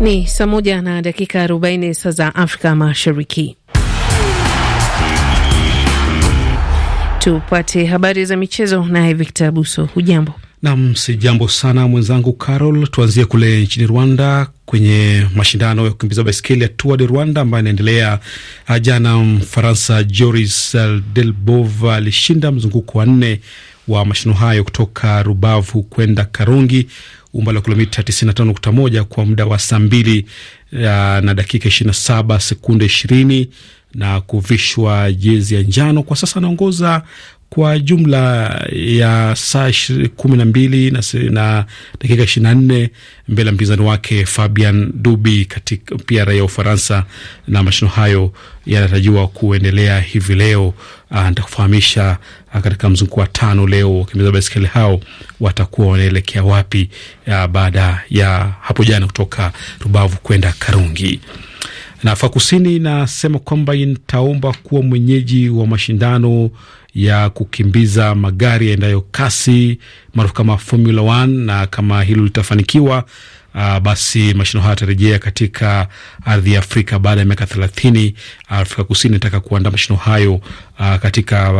Ni saa moja na dakika arobaini saa za Afrika Mashariki. Tupate habari za michezo naye Victor Buso. Hujambo? Nam, si jambo sana mwenzangu Carol. Tuanzie kule nchini Rwanda kwenye mashindano ya kukimbiza baiskeli ya Tour de Rwanda ambayo inaendelea. Ah, jana Mfaransa Joris Delbov alishinda mzunguko wa nne wa mashindano hayo kutoka Rubavu kwenda Karungi umbali wa kilomita 95.1 kwa muda wa saa mbili eh, na dakika 27 sekunde 20 na kuvishwa jezi ya njano. Kwa sasa anaongoza kwa jumla ya saa kumi na mbili na dakika ishirini na nne mbele ya mpinzani wake Fabian Dubi katika pia raia wa Ufaransa, na mashindano hayo yanatarajiwa kuendelea hivi leo. Ah, nitakufahamisha ah, katika mzunguko wa tano leo wakimbiza baiskeli hao watakuwa wanaelekea wapi ah, baada ya hapo jana kutoka Rubavu kwenda Karungi. Na Afrika Kusini inasema kwamba itaomba kuwa mwenyeji wa mashindano ya kukimbiza magari yaendayo kasi maarufu kama Formula 1 na kama hilo litafanikiwa Uh, basi mashindano haya yatarejea katika ardhi ya Afrika baada ya miaka thelathini. Ah, Afrika Kusini nataka kuandaa mashindano hayo uh, katika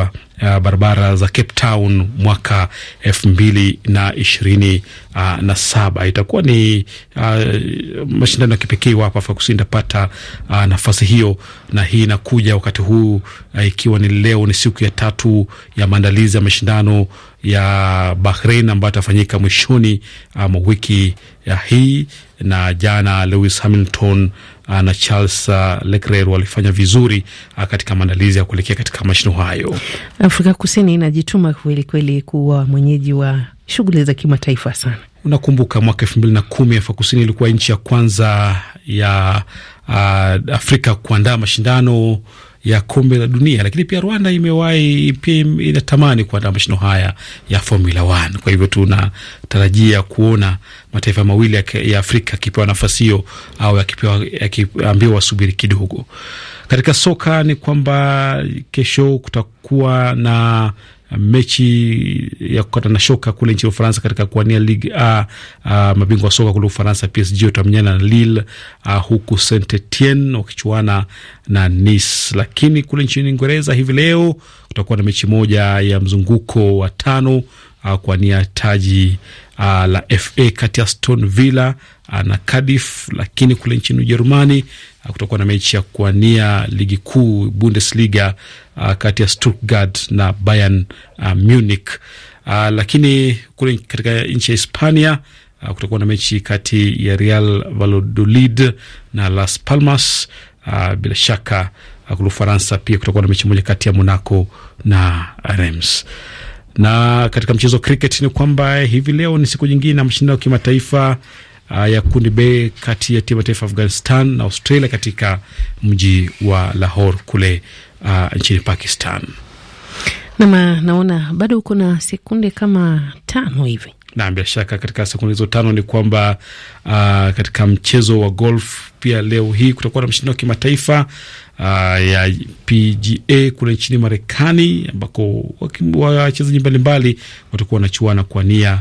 uh, barabara za Cape Town mwaka elfu mbili na ishirini uh, na saba. Itakuwa ni uh, mashindano ya kipekee iwapo Afrika Kusini itapata uh, nafasi hiyo, na hii inakuja wakati huu uh, ikiwa ni leo ni siku ya tatu ya maandalizi ya mashindano ya Bahrain ambayo atafanyika mwishoni mwa wiki ya hii. Na jana Lewis Hamilton uh, na Charles uh, Leclerc walifanya vizuri uh, katika maandalizi ya kuelekea katika mashino hayo. Afrika Kusini inajituma kwelikweli kuwa mwenyeji wa shughuli za kimataifa sana. Unakumbuka mwaka elfu mbili na kumi Afrika Kusini ilikuwa nchi ya kwanza ya uh, Afrika kuandaa mashindano ya kombe la dunia, lakini pia Rwanda imewahi pia inatamani kuandaa mashindano haya ya Formula 1. Kwa hivyo tunatarajia kuona mataifa mawili ya, ya Afrika akipewa nafasi hiyo au yakiambiwa wasubiri kidogo. Katika soka ni kwamba kesho kutakuwa na mechi ya kukata na shoka kule nchini Ufaransa katika kuwania ligi a, a mabingwa wa soka kule Ufaransa, PSG watamenyana na Lille uh, huku Saint Etienne wakichuana na Nice. Lakini kule nchini Uingereza hivi leo kutakuwa na mechi moja ya mzunguko wa tano kuwania taji uh, la FA kati ya Aston Villa uh, na Cardiff, lakini kule nchini Ujerumani uh, ah, kutakuwa na mechi ya kuania ligi kuu Bundesliga uh, kati ya Stuttgart na Bayern uh, Munich uh, lakini kule katika nchi ya Hispania uh, kutakuwa na mechi kati ya Real Valladolid na Las Palmas uh, bila shaka kule Ufaransa pia kutakuwa na mechi moja kati ya Monaco na Reims. Na katika mchezo wa cricket ni kwamba hivi leo ni siku nyingine na mashindano ya kimataifa uh, ya kundi B kati ya timu taifa Afghanistan na Australia katika mji wa Lahore kule uh, nchini Pakistan. Nama, naona bado uko na sekunde kama tano hivi na bila shaka katika sekunde hizo tano ni kwamba uh, katika mchezo wa golf pia leo hii kutakuwa na mshindano wa kimataifa uh, ya PGA kule nchini Marekani ambako wachezaji mbalimbali watakuwa wanachuana kwa nia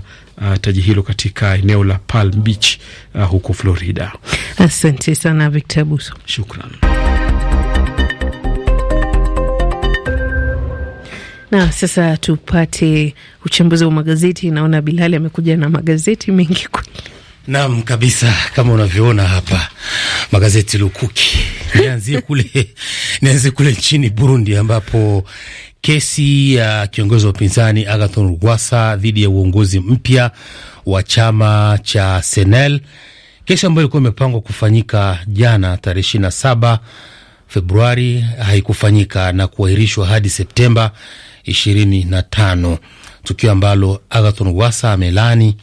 Uh, taji hilo katika eneo la Palm Beach uh, huko Florida. Asante sana Victor Buso. Shukran. Na sasa tupate uchambuzi wa magazeti. Naona Bilali amekuja na magazeti mengi kweli. Naam, kabisa kama unavyoona hapa magazeti lukuki nianzie kule, nianzie kule nchini Burundi ambapo kesi ya uh, kiongozi wa upinzani Agathon Rwasa dhidi ya uongozi mpya wa chama cha Senel, kesi ambayo ilikuwa imepangwa kufanyika jana tarehe ishirini na saba Februari haikufanyika na kuahirishwa hadi Septemba ishirini na tano, tukio ambalo Agathon Rwasa amelani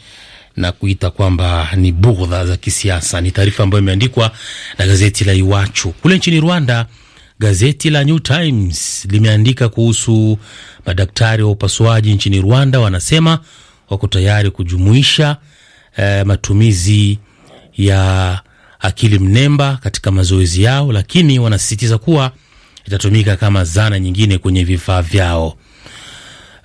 na kuita kwamba ni bughdha za kisiasa. Ni taarifa ambayo imeandikwa na gazeti la Iwachu. Kule nchini Rwanda, gazeti la New Times limeandika kuhusu madaktari wa upasuaji nchini Rwanda, wanasema wako tayari kujumuisha eh, matumizi ya akili mnemba katika mazoezi yao, lakini wanasisitiza kuwa itatumika kama zana nyingine kwenye vifaa vyao.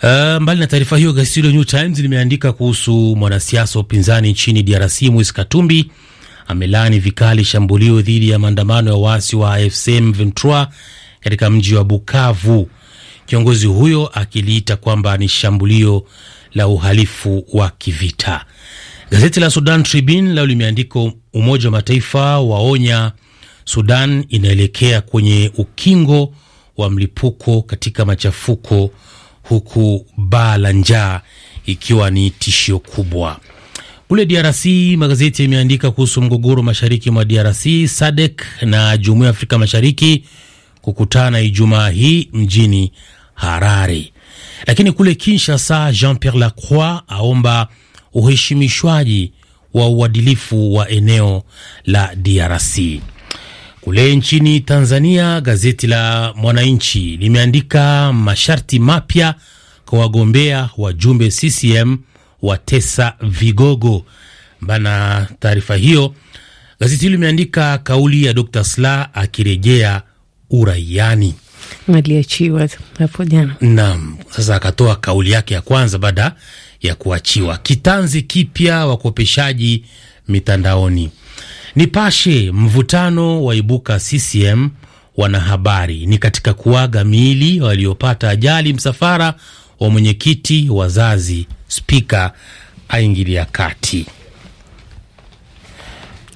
Uh, mbali na taarifa hiyo, gazeti hilo New Times limeandika kuhusu mwanasiasa wa upinzani nchini DRC Moise Katumbi amelaani vikali shambulio dhidi ya maandamano ya waasi wa AFC M23 katika mji wa Bukavu, kiongozi huyo akiliita kwamba ni shambulio la uhalifu wa kivita. Gazeti la Sudan Tribune lao limeandika Umoja wa Mataifa waonya Sudan inaelekea kwenye ukingo wa mlipuko katika machafuko huku baa la njaa ikiwa ni tishio kubwa. Kule DRC magazeti yameandika kuhusu mgogoro mashariki mwa DRC. SADC na Jumuiya ya Afrika Mashariki kukutana Ijumaa hii mjini Harare. Lakini kule Kinshasa, Jean Pierre Lacroix aomba uheshimishwaji wa uadilifu wa eneo la DRC. Kule nchini Tanzania, gazeti la Mwananchi limeandika masharti mapya kwa wagombea wajumbe CCM watesa vigogo. Bana taarifa hiyo, gazeti hilo limeandika kauli ya Dr. Sla akirejea uraiani aliachiwa hapo jana. Naam, sasa akatoa kauli yake ya kwanza baada ya kuachiwa. Kitanzi kipya wakopeshaji mitandaoni Nipashe, mvutano waibuka CCM wanahabari ni katika kuaga miili waliopata ajali. Msafara wa mwenyekiti wazazi, spika aingilia kati.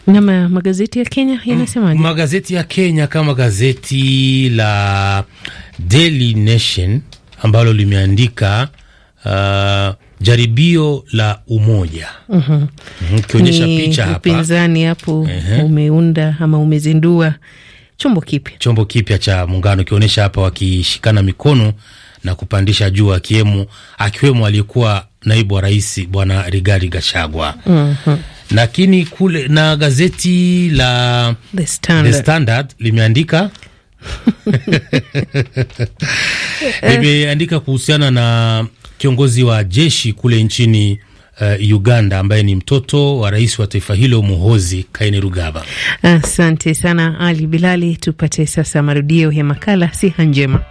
Nama magazeti ya Kenya yanasemaje? Mm, magazeti ya Kenya kama gazeti la Daily Nation ambalo limeandika uh, jaribio la umoja mhm. Mhm, ukionyesha mm -hmm. picha hapa upinzani hapo uh -huh. umeunda ama umezindua chombo kipya chombo kipya cha muungano ukionyesha hapa wakishikana mikono na kupandisha juu, akiwemo akiwemo aliyekuwa naibu wa rais bwana rigari gashagwa mm -hmm. lakini kule na gazeti la The Standard, The Standard limeandika limeandika kuhusiana na kiongozi wa jeshi kule nchini Uh, Uganda ambaye ni mtoto wa rais wa taifa hilo Muhozi Kainerugaba. Asante sana Ali Bilali, tupate sasa marudio ya makala siha njema.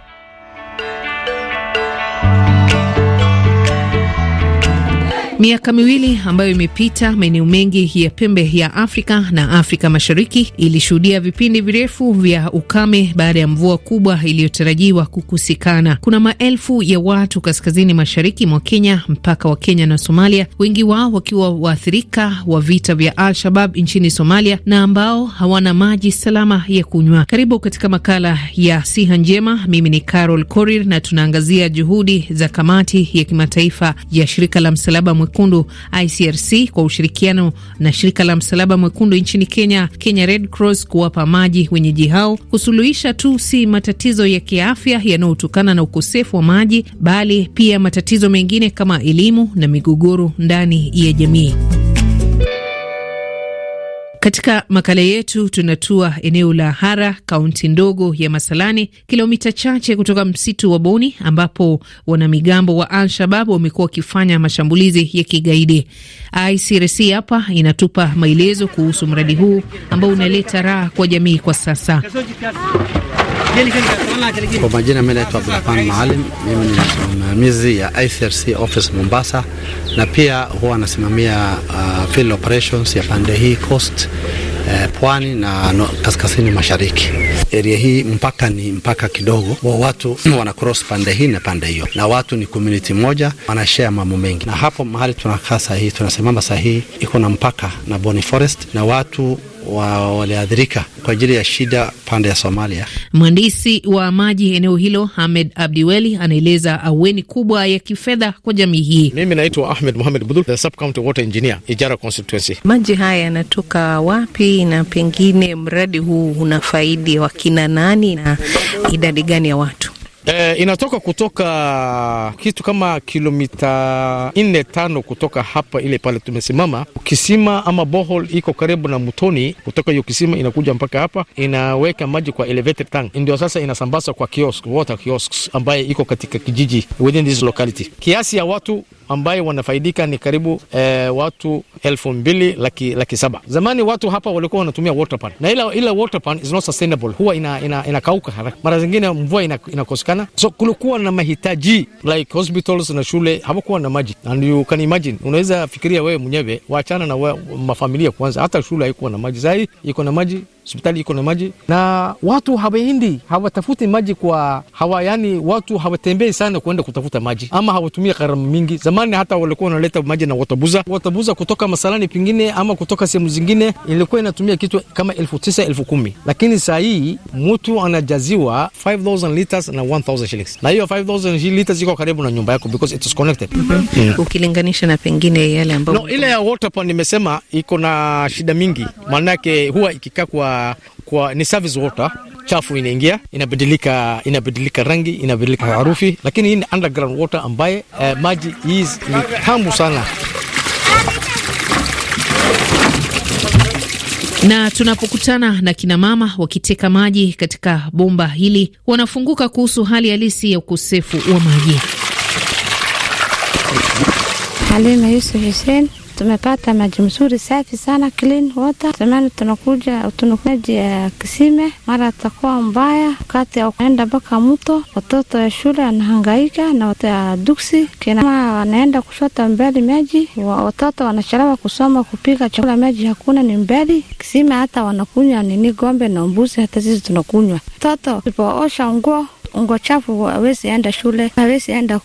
Miaka miwili ambayo imepita, maeneo mengi ya pembe ya Afrika na Afrika Mashariki ilishuhudia vipindi virefu vya ukame baada ya mvua kubwa iliyotarajiwa kukusikana. Kuna maelfu ya watu kaskazini mashariki mwa Kenya, mpaka wa Kenya na Somalia, wengi wao wakiwa waathirika wa vita vya Al-Shabab nchini Somalia na ambao hawana maji salama ya kunywa. Karibu katika makala ya Siha Njema. Mimi ni Carol Korir na tunaangazia juhudi za kamati ya kimataifa ya shirika la msalaba Mwekundu ICRC kwa ushirikiano na shirika la Msalaba Mwekundu nchini Kenya, Kenya Red Cross kuwapa maji wenyeji hao, kusuluhisha tu si matatizo ya kiafya yanayotokana na ukosefu wa maji, bali pia matatizo mengine kama elimu na migogoro ndani ya jamii. Katika makala yetu tunatua eneo la Hara, kaunti ndogo ya Masalani, kilomita chache kutoka msitu wa Boni, ambapo wanamigambo wa Al-Shabab wamekuwa wakifanya mashambulizi ya kigaidi. ICRC hapa inatupa maelezo kuhusu mradi huu ambao unaleta raha kwa jamii kwa sasa. Kwa majina mimi naitwa Abdulrahman Maalim, mimi ni msimamizi ya ICRC office Mombasa, na pia huwa anasimamia uh, field operations ya pande hii coast eh, pwani na no, kaskazini mashariki. Area hii mpaka ni mpaka kidogo wa watu wana cross pande hii na pande hiyo, na watu ni community moja, share mambo mengi, na hapo mahali tunakaa sahihi, tunasimama sahihi, iko na mpaka na Boni Forest na watu waliathirika kwa ajili ya shida pande ya Somalia. Mhandisi wa maji eneo hilo Ahmed Abdiweli anaeleza aweni kubwa ya kifedha kwa jamii hii. Mimi naitwa Ahmed Muhamed Budul, the water engineer, Ijara constituency. Maji haya yanatoka wapi, na pengine mradi huu una faidi wakina nani na idadi gani ya watu? E, inatoka kutoka kitu kama kilomita nne tano kutoka hapa ile pale tumesimama, kisima ama bohol iko karibu na mtoni. Kutoka hiyo kisima inakuja mpaka hapa, inaweka maji kwa elevated tank, ndio sasa inasambaza kwa kiosk, water kiosks ambaye iko katika kijiji within this locality. Kiasi ya watu ambayo wanafaidika ni karibu eh, watu elfu mbili laki, laki saba. Zamani watu hapa walikuwa wanatumia water pan na ila, ila water pan is not sustainable, huwa inakauka ina, ina haraka, mara zingine mvua inakosekana ina, so kulikuwa na mahitaji like hospitals na shule hawakuwa na maji, and you can imagine, unaweza fikiria wewe mwenyewe, waachana na we, mafamilia kwanza, hata shule haikuwa na maji, sahii iko na maji hospitali iko na maji na watu hawaendi, hawatafuti maji kwa hawa, yani watu hawatembei sana kuenda kutafuta maji ama hawatumia gharama mingi. Zamani hata walikuwa wanaleta maji na watabuza watabuza kutoka masalani pingine ama kutoka sehemu zingine, ilikuwa inatumia kitu kama elfu tisa elfu kumi lakini saa hii mtu anajaziwa 5000 liters na 1000 shillings, na hiyo 5000 liters iko karibu na nyumba yako because it is connected. mm -hmm. yeah. Ukilinganisha na pengine yale ambayo no, ile ya water pond nimesema iko na shida mingi, maanake huwa ikikaa kwa kwa, ni service water chafu inaingia inabadilika, inabadilika rangi, inabadilika harufi lakini hii ni underground water ambaye eh, maji hii ni tamu sana. Na tunapokutana na kinamama wakiteka maji katika bomba hili, wanafunguka kuhusu hali halisi ya ukosefu wa maji. halina Yusuf Hussein tumepata maji mzuri safi sana, clean water. Zamani tunakuja tunakuja Kisime, mara atakuwa mbaya, wakati ya kuenda mpaka mto, watoto ya shule anahangaika na watoto ya duksi, kina mama wanaenda kushota mbeli maji, watoto wanachelewa kusoma, kupika chakula, maji hakuna, ni mbeli Kisime. Hata wanakunywa nini, gombe na mbuzi, hata sisi tunakunywa. Watoto tupoosha nguo nguo chafu, hawezi enda shule, hawezi enda.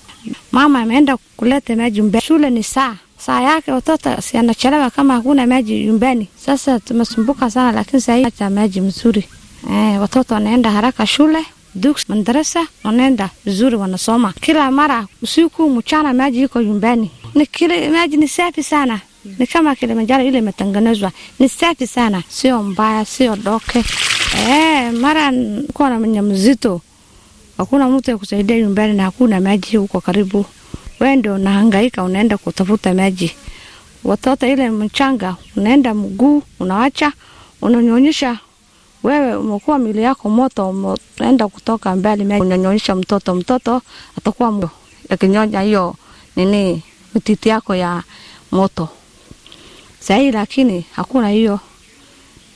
Mama ameenda kulete maji mbeli, shule ni saa saa yake watoto si anachelewa kama hakuna maji nyumbani. Sasa tumesumbuka sana, lakini sahii hata maji mzuri eh, watoto wanaenda haraka shule duks madarasa wanaenda vizuri, wanasoma kila mara, usiku mchana, maji iko nyumbani. Ni kile maji ni safi sana, ni kama Kilimanjaro ile imetengenezwa, ni safi sana, sio mbaya, sio doke. Eh, mara kuwa na mnyamzito, hakuna mtu ya kusaidia nyumbani na hakuna maji huko karibu wewe ndio unahangaika, unaenda kutafuta maji, watoto ile mchanga, unaenda mguu unawacha, unanyonyesha wewe umekuwa mili yako moto, umeenda kutoka mbali maji, unanyonyesha mtoto, mtoto atakuwa akinyonya hiyo nini mititi yako ya moto sahii, lakini hakuna hiyo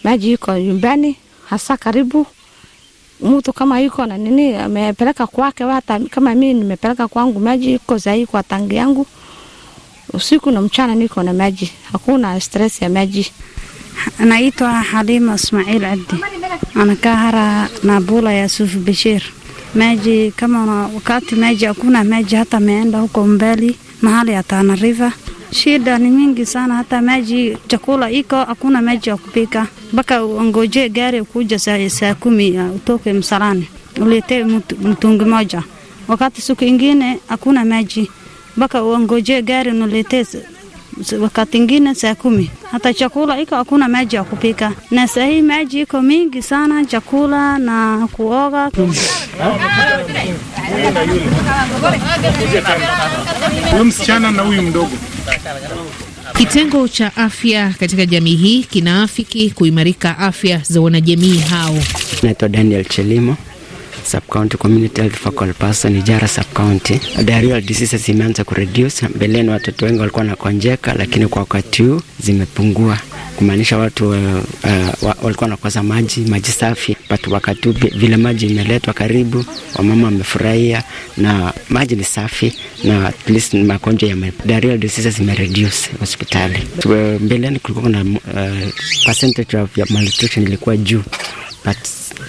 maji, iko nyumbani hasa karibu mtu kama yuko na nini amepeleka kwake, hata kama mimi nimepeleka kwangu, maji iko zaidi kwa tangi yangu, usiku na mchana niko na maji, hakuna stress ya maji. Naitwa Halima Ismail Abdi, anakaa hara ya Yusuf Bashir. Maji kama wakati maji hakuna maji, hata ameenda huko mbali mahali ya Tana River Shida ni mingi sana, hata maji chakula iko hakuna, maji ya kupika, mpaka ngoje gari kuja saa, saa kumi uh, utoke msalani ulete mtungi moja, wakati siku ingine hakuna maji, mpaka ngoje gari nulete wakati ingine saa kumi. Hata chakula iko hakuna maji ya kupika, na saa hii maji iko mingi sana, chakula na kuoga huyu msichana na huyu mdogo Kitengo cha afya katika jamii hii kinaafiki kuimarika afya za wanajamii hao. Naitwa Daniel Chelimo, county community health focal person, Ijara county. Diarrheal diseases imeanza kureduce. Mbeleni watoto wengi walikuwa wanakonjeka, lakini kwa wakati huu zimepungua kumaanisha watu uh, uh, walikuwa nakosa maji maji safi, but wakati vile maji imeletwa karibu, wamama wamefurahia na maji ni safi, na at least magonjwa ya diarrheal zimereduce hospitali. Mbeleni kulikuwa na uh, percentage of ya malnutrition ilikuwa juu but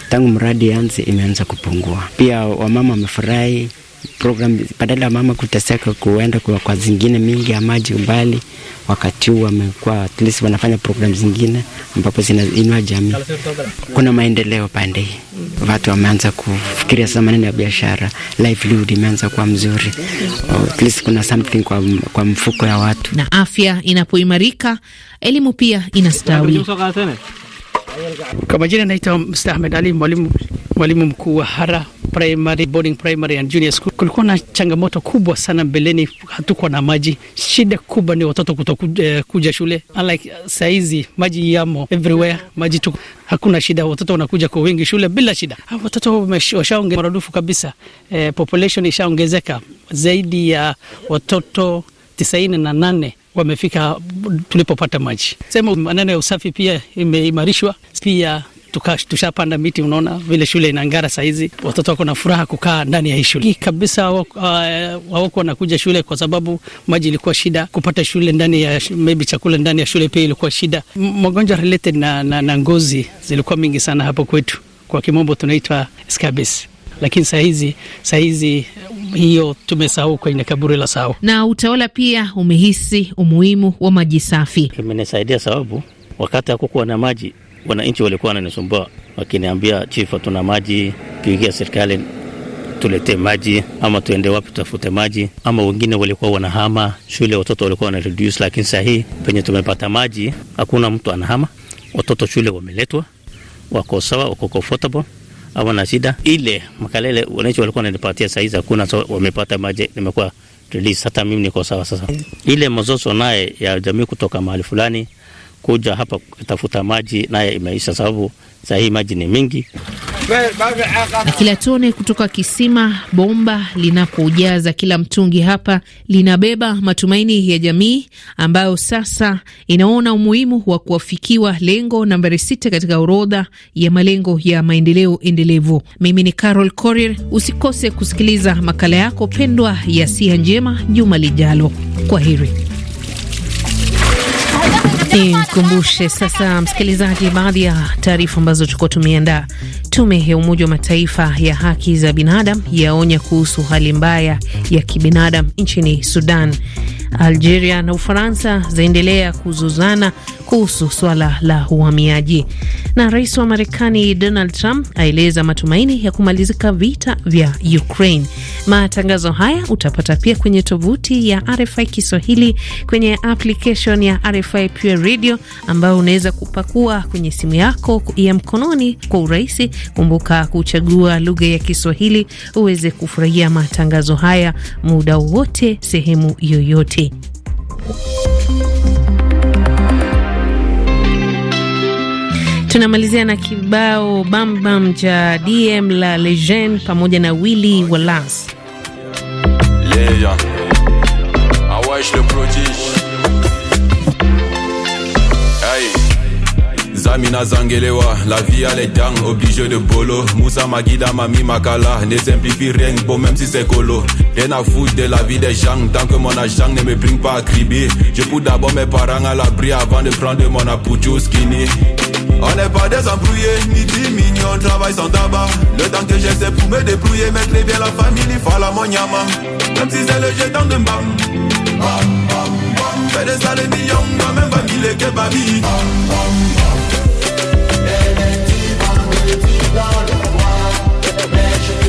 tangu mradi anzi imeanza kupungua. Pia wamama wamefurahi program, badala ya mama kuteseka kuenda kwa, kwa zingine mingi ya maji umbali, wakati huu wamekuwa at least wanafanya program zingine ambapo zinainua jamii. Kuna maendeleo pande hii, watu wameanza kufikiria sasa maneno ya biashara, livelihood imeanza kuwa mzuri, at least kuna something kwa, kwa mfuko ya watu. Na afya inapoimarika, elimu pia inastawi. Kwa majina naitwa Mr. Ahmed Ali, mwalimu mwalimu mkuu wa Hara Primary, boarding primary and junior school. Kulikuwa na changamoto kubwa sana mbeleni, hatukuwa na maji. Shida kubwa ni watoto kutokuja eh, kuja shule, unlike uh, saizi maji yamo everywhere, maji tu, hakuna shida. Watoto wanakuja kwa wingi shule bila shida. Ha, watoto washaongezeka maradufu kabisa. eh, population ishaongezeka zaidi ya watoto tisaini na nane wamefika tulipopata maji. Sema maneno ya usafi pia imeimarishwa pia tushapanda miti. Unaona vile shule inang'ara sahizi, watoto wako na furaha kukaa ndani ya hii shule kabisa. Hawako uh, wanakuja shule kwa sababu maji ilikuwa shida kupata shule ndani ya maybe, chakula ndani ya shule pia ilikuwa shida. Magonjwa related na, na, na ngozi zilikuwa mingi sana hapo kwetu, kwa kimombo tunaitwa scabies, lakini sahizi sahizi hiyo tumesahau kwenye kaburi la sahau. Na utawala pia umehisi umuhimu wa maji safi. Imenisaidia sababu wakati hakukuwa na maji, wananchi walikuwa wananisumbua wakiniambia, chifa hatuna maji, kiigia serikali tuletee maji ama tuende wapi tutafute maji, ama wengine walikuwa wanahama shule, watoto walikuwa wana reduce. Lakini saa penye tumepata maji, hakuna mtu anahama, watoto shule wameletwa, wako sawa, wako comfortable hawana shida. Ile makalele wananchi walikuwa wananipatia saa hizi hakuna, so wamepata maji, nimekuwa release, hata mimi niko sawa sasa. Ile mazozo naye ya jamii kutoka mahali fulani kuja hapa kutafuta maji naye imeisha, sababu saa hii maji ni mingi. Na kila tone kutoka kisima bomba linapojaza kila mtungi hapa linabeba matumaini ya jamii ambayo sasa inaona umuhimu wa kuafikiwa lengo nambari sita katika orodha ya malengo ya maendeleo endelevu. Mimi ni Carol Korir. Usikose kusikiliza makala yako pendwa ya Siha Njema juma lijalo. Kwa heri. Ni kumbushe sasa msikilizaji, baadhi ya taarifa ambazo tulikuwa tumeandaa. Tume ya Umoja wa Mataifa ya haki za binadamu yaonya kuhusu hali mbaya ya kibinadamu nchini Sudan. Algeria na Ufaransa zaendelea kuzozana kuhusu swala la uhamiaji. Na rais wa Marekani Donald Trump aeleza matumaini ya kumalizika vita vya Ukraine. Matangazo haya utapata pia kwenye tovuti ya RFI Kiswahili, kwenye application ya RFI Pure Radio ambayo unaweza kupakua kwenye simu yako ya mkononi kwa urahisi. Kumbuka kuchagua lugha ya Kiswahili uweze kufurahia matangazo haya muda wote, sehemu yoyote. Tunamalizia na kibao bambam cha DM la Legend pamoja na Willy Wallace. La vie à les obligé de bolo Moussa Magida, Mami Makala Ne simplifie rien, bon même si c'est colo Rien à foutre de la vie des gens Tant que mon agent ne me bring pas à cribi Je fous d'abord mes parents à l'abri Avant de prendre mon apoutou skinny on n'est pas des embrouillés, ni diminués, on travaille sans tabac. Le temps que j'essaie pour me débrouiller, mettre bien la famille, il la mon yama. Même si c'est le jeu dans de bam. Fais des salés millions, moi-même, que babi.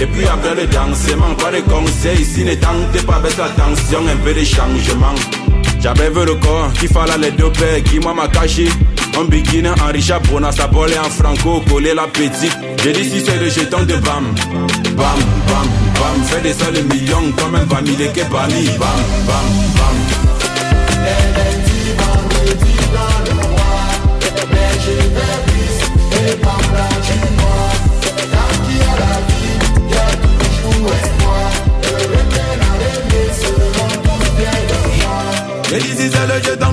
Et puis après le dansement, pas de conseils, si ne tentez pas, baisse attention. un peu de changement. J'avais vu le corps qu'il fallait les deux pères qui m'a caché. un bikini, en Richard Bona, sa et en franco, coller la petite. J'ai dit si c'est le jeton de bam. Bam, bam, bam, fais des seuls millions comme un famille de Kepani. Bam, bam, bam. je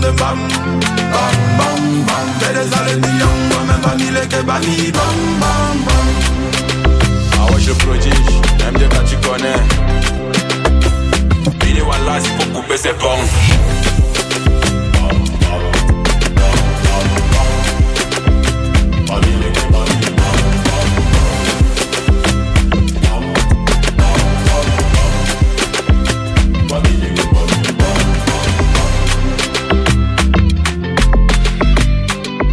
de bam Bam bam bam Fais des alléluias Moi-même famille les Bali. Bam bam bam Ah ouais je prodige MDK tu connais Bini Wallace il faut couper ses ponts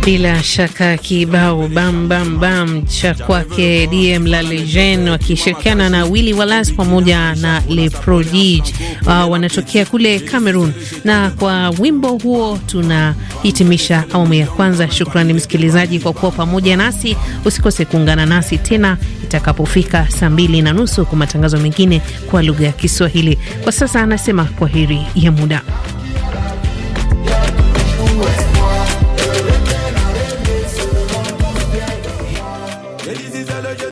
Bila shaka kibao bam bam bam cha kwake DM La Legend wakishirikiana na Willy Wallace pamoja na Le Prodige uh, wanatokea kule Cameroon, na kwa wimbo huo tunahitimisha awamu ya kwanza. Shukrani msikilizaji kwa kuwa pamoja nasi, usikose kuungana nasi tena itakapofika saa mbili na nusu kwa matangazo mengine kwa lugha ya Kiswahili. Kwa sasa anasema kwaheri ya muda.